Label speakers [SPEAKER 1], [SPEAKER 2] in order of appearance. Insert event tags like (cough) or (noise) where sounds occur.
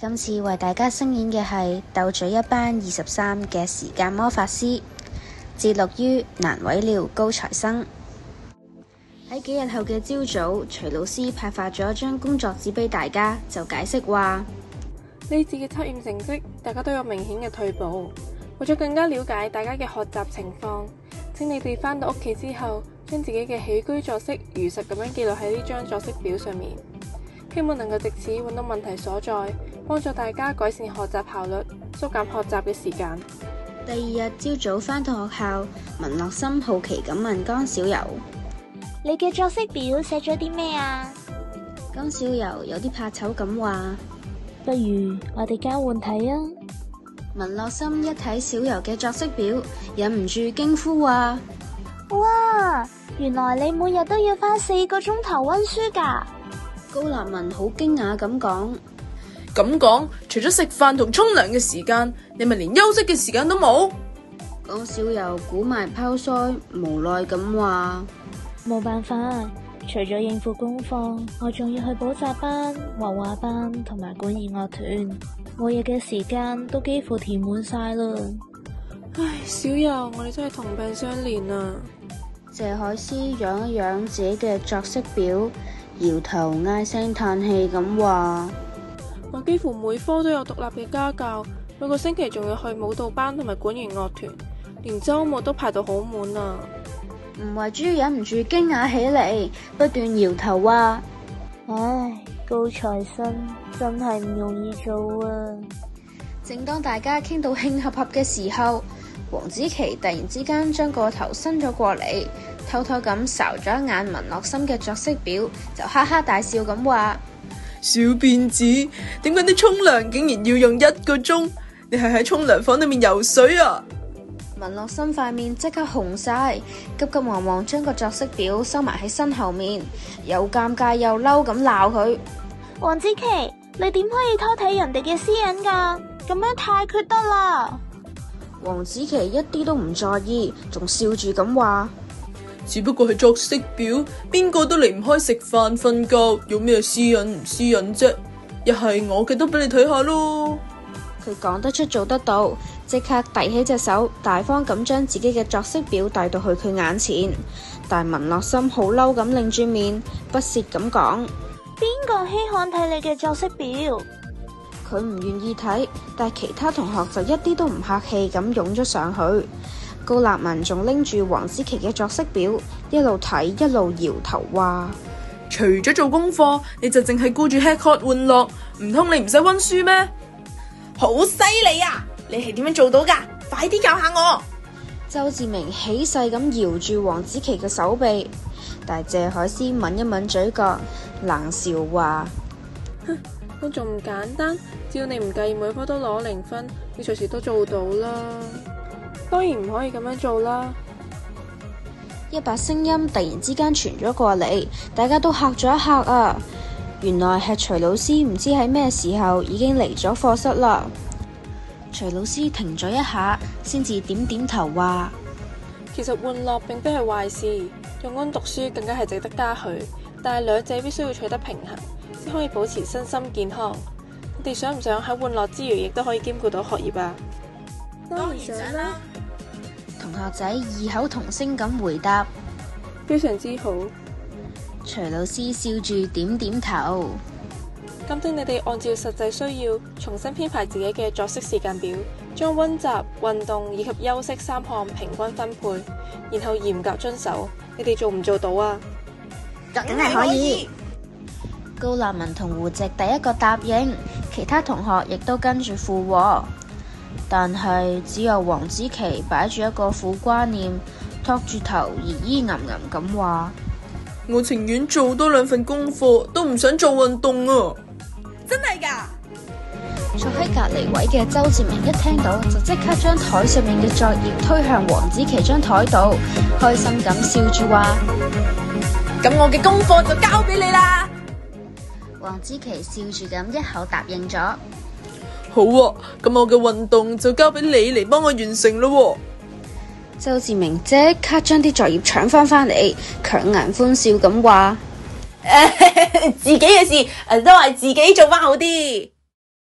[SPEAKER 1] 今次為大家聲演嘅係鬥嘴一班二十三嘅時間魔法師，節錄於難為了高材生。喺幾日後嘅朝早，徐老師派發咗一張工作紙俾大家，就解釋話：
[SPEAKER 2] 呢次嘅測驗成績，大家都有明顯嘅退步。為咗更加了解大家嘅學習情況，請你哋返到屋企之後，將自己嘅起居作息如實咁樣記錄喺呢張作息表上面。希望能夠借此搵到問題所在，幫助大家改善學習效率，縮減學習嘅時間。第二日朝早
[SPEAKER 1] 返到學校，文樂心好奇咁問江小柔：
[SPEAKER 2] 你嘅作息
[SPEAKER 1] 表寫咗啲咩啊？江小柔有啲怕醜咁話：不如我哋交換睇啊！文樂心一睇小柔嘅作息表，忍唔住驚呼話：哇，原來你每日都要花四
[SPEAKER 3] 個鐘頭溫書噶！高立文好驚訝咁講：咁講，除咗食飯同沖涼嘅時間，你咪連休息嘅時間都冇？江
[SPEAKER 1] 小游鼓埋泡腮，無奈咁話：冇辦法，除咗應付功課，我仲要去補習班、畫畫班同埋管弦樂團，每日嘅時間都幾乎填滿晒啦。唉，小
[SPEAKER 2] 游，我哋真係同病相憐啊！
[SPEAKER 1] 謝海思養一養自己嘅作息表。搖頭唉聲嘆氣咁話：
[SPEAKER 2] 我幾乎每科都有獨立嘅家教，每個星期仲要去舞蹈班同埋管弦樂團，連周末都排到好滿啊！
[SPEAKER 1] 吳慧珠忍唔住驚訝起嚟，不斷搖頭啊。唉，高材生真係唔容易做啊！正當大家傾到興合合嘅時候，黃子琪突然之間將個頭伸咗過嚟。偷偷咁睄咗一眼文樂心嘅作息表，就哈哈大笑咁話：
[SPEAKER 3] 小辮子，點解你沖涼竟然要用一個鐘？你係喺沖涼房裏面游水啊！
[SPEAKER 1] 文樂心塊面即刻紅晒，急急忙忙將個作息表收埋喺身後面，又尷尬又嬲咁鬧佢：黃子琪，你點可以偷睇人哋嘅私隱噶？咁樣太缺德啦！黃子琪一啲都唔
[SPEAKER 3] 在意，仲笑住咁話。只不過係作息表，邊個都離唔開食飯、瞓覺，有咩私隱唔私隱啫？一係我嘅都俾你睇下咯。
[SPEAKER 1] 佢講得出，做得到，即刻遞起隻手，大方咁將自己嘅作息表帶到去佢眼前。但文樂心好嬲咁擰住面，不屑咁講：邊個稀罕睇你嘅作息表？佢唔願意睇，但係其他同學就一啲都唔客氣咁湧咗上去。高立文仲拎住黃子琪嘅作息表，一路睇一路搖頭話：
[SPEAKER 3] 除咗做功課，你就淨係顧住 head 玩樂，唔通你唔使溫書咩？好犀利啊！你係點樣做到噶快啲教下我。周志明
[SPEAKER 1] 起勢咁搖住黃子琪嘅手臂，但係謝海思抿一抿嘴角，冷笑話：
[SPEAKER 2] 哼，都仲簡單，只要你唔計每科都攞零分，你隨時都做到啦。當然唔可以咁樣做啦！
[SPEAKER 1] 一把聲音突然之間傳咗過嚟，大家都嚇咗一嚇啊！原來係徐老師，唔知喺咩時候已經嚟咗課室啦。徐老師停咗一下，先至點點頭，話：
[SPEAKER 2] 其實玩樂並非係壞事，用功讀書更加係值得嘉許，但係兩者必須要取得平衡，先可以保持身心健康。你哋想唔想喺玩樂之餘，亦都可以兼顧到學業啊？當
[SPEAKER 3] 然想啦！
[SPEAKER 1] 同學仔異口同聲咁回答，非常之好。徐老師笑住點點頭。
[SPEAKER 2] 今天你哋按照實際需要重新編排自己嘅作息時間表，將溫習、運動以及休息三項平均分配，然後嚴格遵守。你哋做唔做到啊？梗係可以。可以
[SPEAKER 1] 高立文同胡植第一個答應，其他同學亦都跟住附和。但係，只有黃子琪擺住一個苦瓜臉，托住頭，依依吟吟咁話：
[SPEAKER 3] 我情願做多兩份功課，都唔想做運動啊！真係噶！
[SPEAKER 1] 坐喺隔籬位嘅周志明一聽到，就即刻將台上面嘅作業推向黃子琪張台度，開心咁笑住話：咁我嘅功課就交俾你啦！黃子琪笑住咁一口答應咗。
[SPEAKER 3] 好啊，咁我嘅運動就交俾你嚟幫我完成咯。
[SPEAKER 1] 周志明即刻將啲作業搶翻翻嚟，強顏歡笑咁話：
[SPEAKER 3] (laughs) 自己嘅事，都係自己做翻好啲。